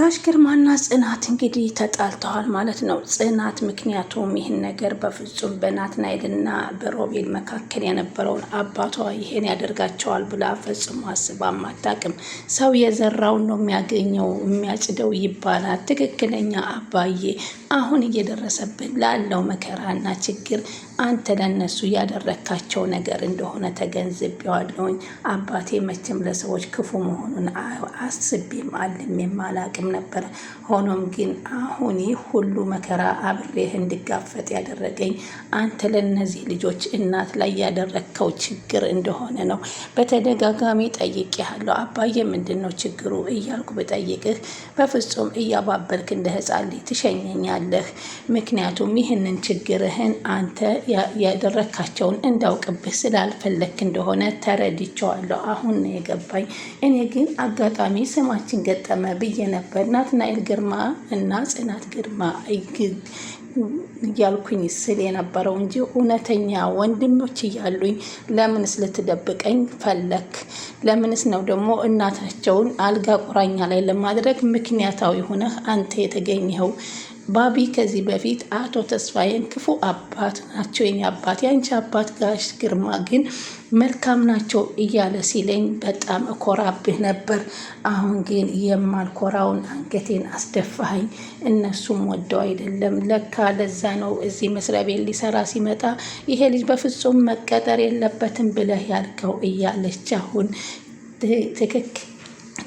ጋሽ ግርማና ጽናት እንግዲህ ተጣልተዋል ማለት ነው። ጽናት ምክንያቱም ይህን ነገር በፍጹም በናትናኤልና በሮቤል መካከል የነበረውን አባቷ ይሄን ያደርጋቸዋል ብላ ፈጽሞ አስባ አታውቅም። ሰው የዘራውን ነው የሚያገኘው የሚያጭደው ይባላል። ትክክለኛ አባዬ አሁን እየደረሰብን ላለው መከራና ችግር አንተ ለነሱ ያደረካቸው ነገር እንደሆነ ተገንዝቤዋለሁኝ። አባቴ መቼም ለሰዎች ክፉ መሆኑን አስቤም አልሜም አላቅም ነበር። ሆኖም ግን አሁን ይህ ሁሉ መከራ አብሬህ እንድጋፈጥ ያደረገኝ አንተ ለነዚህ ልጆች እናት ላይ ያደረግከው ችግር እንደሆነ ነው። በተደጋጋሚ ጠይቄሃለሁ። አባዬ ምንድን ነው ችግሩ እያልኩ ብጠይቅህ በፍጹም እያባበልክ እንደ ትሸኘኛለህ። ምክንያቱም ይህንን ችግርህን አንተ ያደረካቸውን እንዳውቅብህ ስላልፈለክ እንደሆነ ተረድቼዋለሁ። አሁን ነው የገባኝ። እኔ ግን አጋጣሚ ስማችን ገጠመ ብዬ ነበር። ናትናኤል ግርማ እና ጽናት ግርማ እያልኩኝ ስል የነበረው እንጂ እውነተኛ ወንድሞች እያሉኝ ለምንስ ልትደብቀኝ ፈለክ? ለምንስ ነው ደግሞ እናታቸውን አልጋ ቁራኛ ላይ ለማድረግ ምክንያታዊ ሆነህ አንተ የተገኘኸው? ባቢ ከዚህ በፊት አቶ ተስፋዬን ክፉ አባት ናቸው የኔ አባት፣ የአንቺ አባት ጋሽ ግርማ ግን መልካም ናቸው እያለ ሲለኝ በጣም እኮራብህ ነበር። አሁን ግን የማልኮራውን አንገቴን አስደፋኸኝ። እነሱም ወደው አይደለም። ለካ ለዛ ነው እዚህ መስሪያ ቤት ሊሰራ ሲመጣ ይሄ ልጅ በፍጹም መቀጠር የለበትም ብለህ ያልከው እያለች አሁን ትክክ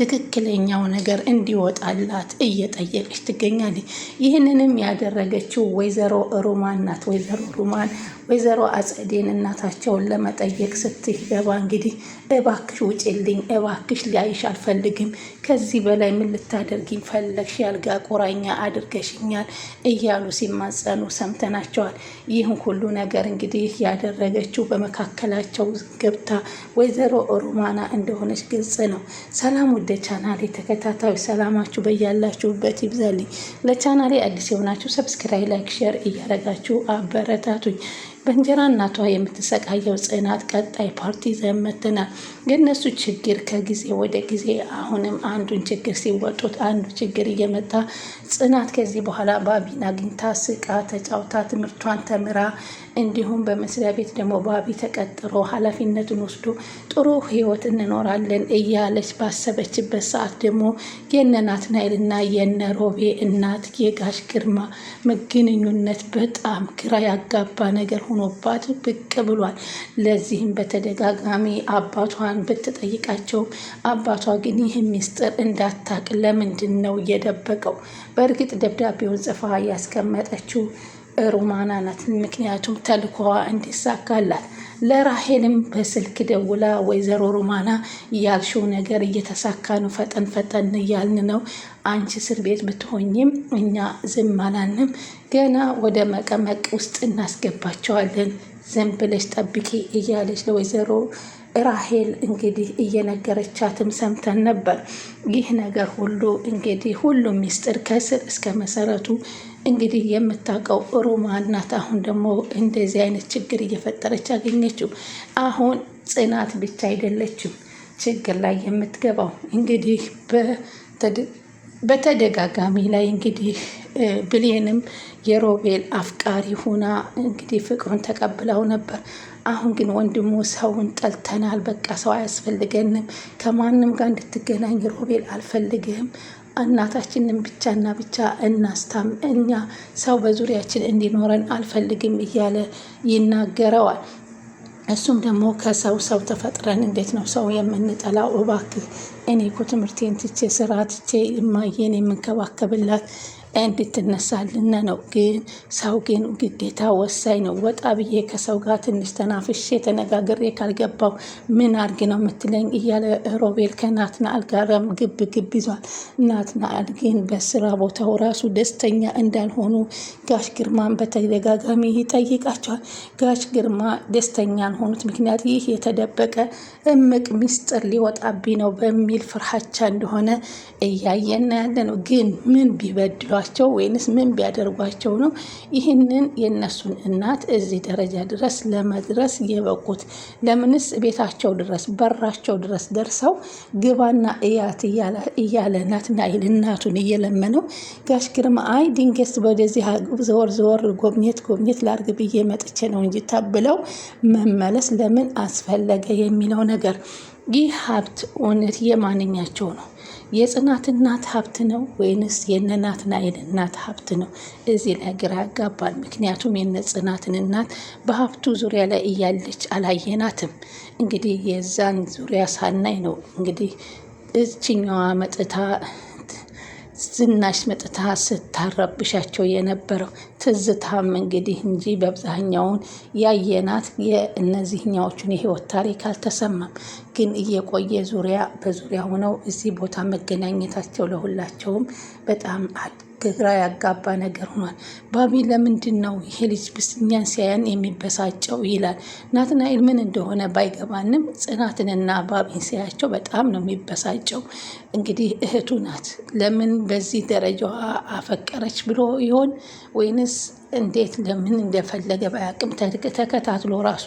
ትክክለኛው ነገር እንዲወጣላት እየጠየቀች ትገኛለች። ይህንንም ያደረገችው ወይዘሮ ሩማን ናት። ወይዘሮ ሩማን ወይዘሮ አጸዴን እናታቸውን ለመጠየቅ ስትገባ እንግዲህ እባክሽ ውጭልኝ፣ እባክሽ ሊያይሽ አልፈልግም፣ ከዚህ በላይ ምን ልታደርጊኝ ፈለግሽ? ያልጋ ቁራኛ አድርገሽኛል እያሉ ሲማጸኑ ሰምተናቸዋል። ይህን ሁሉ ነገር እንግዲህ ያደረገችው በመካከላቸው ገብታ ወይዘሮ ሩማና እንደሆነች ግልጽ ነው። ሰላም ውድ ቻናሌ ተከታታዩ ሰላማችሁ በያላችሁበት ይብዛልኝ። ለቻናሌ አዲስ የሆናችሁ ሰብስክራይ፣ ላይክ፣ ሼር እያደረጋችሁ አበረታቱኝ። በእንጀራ እናቷ የምትሰቃየው ጽናት ቀጣይ ፓርቲ ዘመተናል። ግን ችግር ከጊዜ ወደ ጊዜ አሁንም አንዱን ችግር ሲወጡት አንዱ ችግር እየመጣ ጽናት ከዚህ በኋላ ባቢን አግኝታ ስቃ ተጫውታ ትምህርቷን ተምራ እንዲሁም በመስሪያ ቤት ደግሞ ባቢ ተቀጥሮ ኃላፊነቱን ወስዶ ጥሩ ህይወት እንኖራለን እያለች ባሰበችበት ሰዓት ደግሞ የነ ናትናኤል እና የነ ሮቤ እናት የጋሽ ግርማ መገናኙነት በጣም ግራ ያጋባ ነገር ሆኖ ሆኖባት ብቅ ብሏል። ለዚህም በተደጋጋሚ አባቷን ብትጠይቃቸውም አባቷ ግን ይህ ሚስጥር እንዳታቅ ለምንድን ነው የደበቀው? በእርግጥ ደብዳቤውን ጽፋ ያስቀመጠችው ሩማና ናት። ምክንያቱም ተልኮዋ እንዲሳካላት ለራሄልም በስልክ ደውላ ወይዘሮ ሩማና ያልሽው ነገር እየተሳካ ነው፣ ፈጠን ፈጠን እያልን ነው። አንቺ እስር ቤት ብትሆኝም እኛ ዝም አላንም፣ ገና ወደ መቀመቅ ውስጥ እናስገባቸዋለን። ዝም ብለሽ ጠብቂ እያለች ለወይዘሮ ራሄል እንግዲህ እየነገረቻትም ሰምተን ነበር። ይህ ነገር ሁሉ እንግዲህ ሁሉም ሚስጥር ከስር እስከ መሰረቱ እንግዲህ የምታውቀው ሮማን ናት። አሁን ደግሞ እንደዚህ አይነት ችግር እየፈጠረች ያገኘችው አሁን ጽናት ብቻ አይደለችም ችግር ላይ የምትገባው እንግዲህ በተደጋጋሚ ላይ እንግዲህ ብሌንም የሮቤል አፍቃሪ ሁና እንግዲህ ፍቅሩን ተቀብለው ነበር። አሁን ግን ወንድሙ ሰውን ጠልተናል፣ በቃ ሰው አያስፈልገንም፣ ከማንም ጋር እንድትገናኝ ሮቤል አልፈልግህም፣ እናታችንን ብቻና ብቻ እናስታም፣ እኛ ሰው በዙሪያችን እንዲኖረን አልፈልግም እያለ ይናገረዋል። እሱም ደግሞ ከሰው ሰው ተፈጥረን እንዴት ነው ሰው የምንጠላው? እባክህ እኔ እኮ ትምህርቴን ትቼ ስራ ትቼ እማዬን የምንከባከብላት እንድትነሳልን ነው። ግን ሰው ግን ግዴታ ወሳኝ ነው። ወጣ ብዬ ከሰው ጋር ትንሽ ተናፍሼ ተነጋግሬ ካልገባው ምን አርግ ነው የምትለኝ? እያለ ሮቤል ከናትናኤል ጋርም ግብ ግብ ይዟል። ናትናኤል ግን በስራ ቦታው ራሱ ደስተኛ እንዳልሆኑ ጋሽ ግርማን በተደጋጋሚ ይጠይቃቸዋል። ጋሽ ግርማ ደስተኛ ያልሆኑት ምክንያት ይህ የተደበቀ እምቅ ሚስጥር ሊወጣብኝ ነው በሚል ፍርሃቻ እንደሆነ እያየና ያለ ነው። ግን ምን ቢበድሏቸው ቢያደርጓቸው ወይንስ ምን ቢያደርጓቸው ነው ይህንን የእነሱን እናት እዚህ ደረጃ ድረስ ለመድረስ የበቁት? ለምንስ ቤታቸው ድረስ በራቸው ድረስ ደርሰው ግባና እያት እያለ ናትናኤል እናቱን እየለመነው ጋሽ ግርማ አይ ድንገት ወደዚህ ዘወር ዘወር ጎብኘት ጎብኘት ላርግ ብዬ መጥቼ ነው እንጂ ተብለው መመለስ ለምን አስፈለገ የሚለው ነገር ይህ ሀብት እውነት የማንኛቸው ነው? የጽናት እናት ሀብት ነው ወይንስ የነናትናኤል እናት ሀብት ነው? እዚህ ላይ ግራ ያጋባል። ምክንያቱም የነ ጽናትን እናት በሀብቱ ዙሪያ ላይ እያለች አላየናትም። እንግዲህ የዛን ዙሪያ ሳናይ ነው እንግዲህ እችኛዋ መጥታ ዝናሽ መጥታ ስታረብሻቸው የነበረው ትዝታም እንግዲህ እንጂ በአብዛኛውን ያየናት የእነዚህኛዎቹን የህይወት ታሪክ አልተሰማም። ግን እየቆየ ዙሪያ በዙሪያ ሆነው እዚህ ቦታ መገናኘታቸው ለሁላቸውም በጣም ግራ ያጋባ ነገር ሆኗል። ባቢ ለምንድን ነው ይሄ ልጅ ብስኛን ሲያያን የሚበሳጨው ይላል። ናትናኤል ምን እንደሆነ ባይገባንም ጽናትንና ባቢን ሲያያቸው በጣም ነው የሚበሳጨው። እንግዲህ እህቱ ናት። ለምን በዚህ ደረጃ አፈቀረች ብሎ ይሆን ወይንስ እንዴት ለምን እንደፈለገ በአቅም ተከታትሎ ራሱ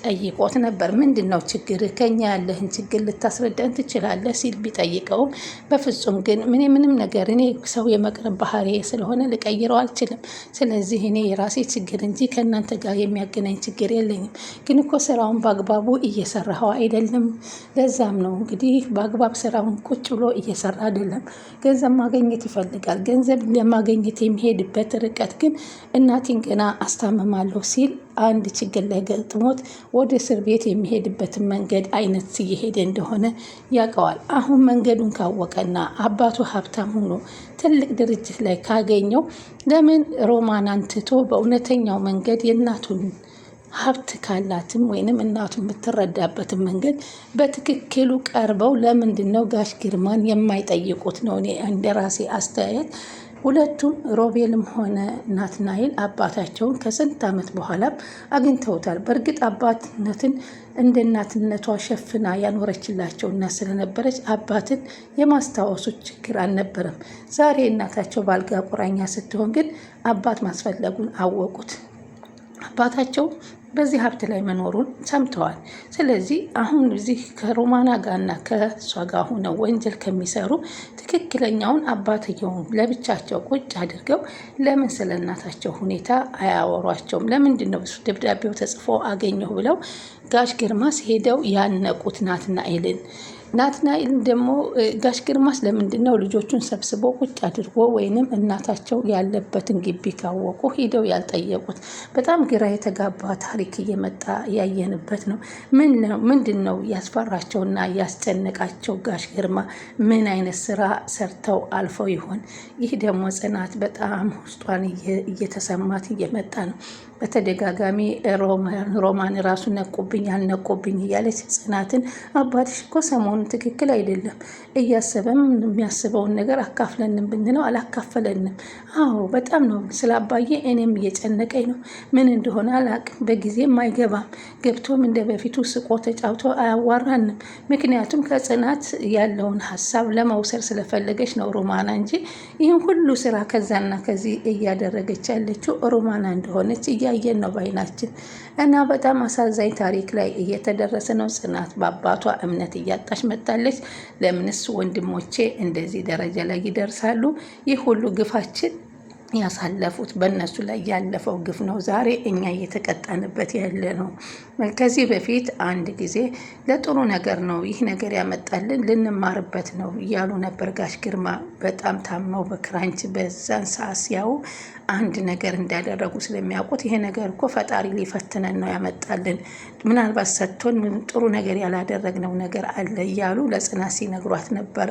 ጠይቆት ነበር። ምንድን ነው ችግር ከኛ ያለህን ችግር ልታስረዳን ትችላለህ ሲል ቢጠይቀውም በፍጹም ግን ምን ምንም ነገር እኔ ሰው የመቅረብ ባህሪ ስለሆነ ልቀይረው አልችልም። ስለዚህ እኔ የራሴ ችግር እንጂ ከእናንተ ጋር የሚያገናኝ ችግር የለኝም። ግን እኮ ስራውን በአግባቡ እየሰራኸው አይደለም። ለዛም ነው እንግዲህ በአግባብ ስራውን ቁጭ ብሎ እየሰራ አይደለም። ገንዘብ ማገኘት ይፈልጋል። ገንዘብ ለማገኘት የሚሄድበት ርቀት ግን እናቴን ገና አስታምማለሁ ሲል አንድ ችግር ላይ ገጥሞት ወደ እስር ቤት የሚሄድበትን መንገድ አይነት እየሄደ እንደሆነ ያውቀዋል። አሁን መንገዱን ካወቀና አባቱ ሀብታም ሆኖ ትልቅ ድርጅት ላይ ካገኘው ለምን ሮማናን ትቶ በእውነተኛው መንገድ የእናቱን ሀብት ካላትም ወይንም እናቱ የምትረዳበትን መንገድ በትክክሉ ቀርበው ለምንድን ነው ጋሽ ግርማን የማይጠይቁት ነው እኔ እንደራሴ አስተያየት ሁለቱም ሮቤልም ሆነ ናትናይል አባታቸውን ከስንት ዓመት በኋላም አግኝተውታል። በእርግጥ አባትነትን እንደ እናትነቷ ሸፍና ያኖረችላቸው እናት ስለነበረች አባትን የማስታወሱ ችግር አልነበረም። ዛሬ እናታቸው በአልጋ ቁራኛ ስትሆን ግን አባት ማስፈለጉን አወቁት። አባታቸው በዚህ ሀብት ላይ መኖሩን ሰምተዋል። ስለዚህ አሁን እዚህ ከሮማና ጋርና ከእሷ ጋር ሆነው ወንጀል ከሚሰሩ ትክክለኛውን አባትየውን ለብቻቸው ቁጭ አድርገው ለምን ስለ እናታቸው ሁኔታ አያወሯቸውም? ለምንድን ነው ደብዳቤው ተጽፎ አገኘሁ ብለው ጋሽ ግርማስ ሄደው ያነቁት ናትናኤልን ናትናኤል ደግሞ ጋሽ ግርማስ ለምንድን ነው ልጆቹን ሰብስቦ ቁጭ አድርጎ ወይንም እናታቸው ያለበትን ግቢ ካወቁ ሂደው ያልጠየቁት? በጣም ግራ የተጋባ ታሪክ እየመጣ ያየንበት ነው። ምንድን ነው ያስፈራቸውና ያስጨነቃቸው? ጋሽ ግርማ ምን አይነት ስራ ሰርተው አልፈው ይሆን? ይህ ደግሞ ጽናት በጣም ውስጧን እየተሰማት እየመጣ ነው። በተደጋጋሚ ሮማን ራሱ ነቆብኝ አልነቁብኝ እያለች ጽናትን አባትሽ እኮ ሰሞኑን ትክክል አይደለም እያሰበም የሚያስበውን ነገር አካፍለንም ብንለው አላካፈለንም። አዎ በጣም ነው አባዬ እኔም እየጨነቀኝ ነው። ምን እንደሆነ አላቅም። በጊዜም አይገባም። ገብቶም እንደ በፊቱ ስቆ ተጫውቶ አያዋራንም። ምክንያቱም ከጽናት ያለውን ሀሳብ ለመውሰድ ስለፈለገች ነው ሮማና እንጂ ይህን ሁሉ ስራ ከዛና ከዚህ እያደረገች ያለችው ሮማና እንደሆነች እያ እያየን ነው በዓይናችን እና በጣም አሳዛኝ ታሪክ ላይ እየተደረሰ ነው። ጽናት በአባቷ እምነት እያጣች መጣለች። ለምንስ ወንድሞቼ እንደዚህ ደረጃ ላይ ይደርሳሉ? ይህ ሁሉ ግፋችን ያሳለፉት በእነሱ ላይ ያለፈው ግፍ ነው። ዛሬ እኛ እየተቀጣንበት ያለ ነው። ከዚህ በፊት አንድ ጊዜ ለጥሩ ነገር ነው ይህ ነገር ያመጣልን ልንማርበት ነው እያሉ ነበር ጋሽ ግርማ በጣም ታመው በክራንች በዛን ሰዓት ሲያዩ አንድ ነገር እንዳደረጉ ስለሚያውቁት ይሄ ነገር እኮ ፈጣሪ ሊፈትነን ነው ያመጣልን፣ ምናልባት ሰጥቶን ጥሩ ነገር ያላደረግነው ነገር አለ እያሉ ለጽናት ሲነግሯት ነበር።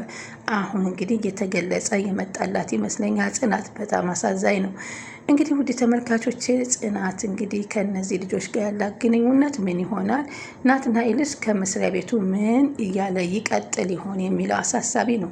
አሁን እንግዲህ እየተገለጸ የመጣላት ይመስለኛል። ጽናት በጣም አሳዛኝ ነው። እንግዲህ ውድ ተመልካቾች ጽናት እንግዲህ ከነዚህ ልጆች ጋር ያላት ግንኙነት ምን ይሆናል? ናትናኤልስ ከመስሪያ ቤቱ ምን እያለ ይቀጥል ይሆን የሚለው አሳሳቢ ነው።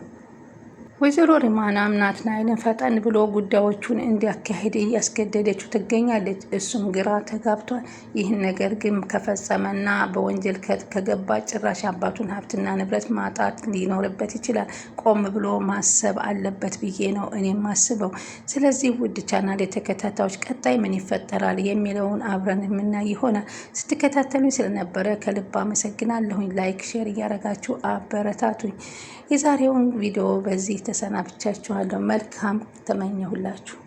ወይዘሮ ሪማናም ናትናኤልን ፈጠን ብሎ ጉዳዮቹን እንዲያካሂድ እያስገደደችው ትገኛለች። እሱም ግራ ተጋብቷል። ይህን ነገር ግን ከፈጸመና በወንጀል ከገባ ጭራሽ አባቱን ሀብትና ንብረት ማጣት ሊኖርበት ይችላል። ቆም ብሎ ማሰብ አለበት ብዬ ነው እኔም ማስበው። ስለዚህ ውድ ቻናል የተከታታዮች ቀጣይ ምን ይፈጠራል የሚለውን አብረን የምናይ ይሆናል። ስትከታተሉኝ ስለነበረ ከልብ አመሰግናለሁኝ። ላይክ፣ ሼር እያረጋችሁ አበረታቱኝ። የዛሬውን ቪዲዮ በዚህ ተሰናብቻችኋለሁ። መልካም ተመኘሁላችሁ።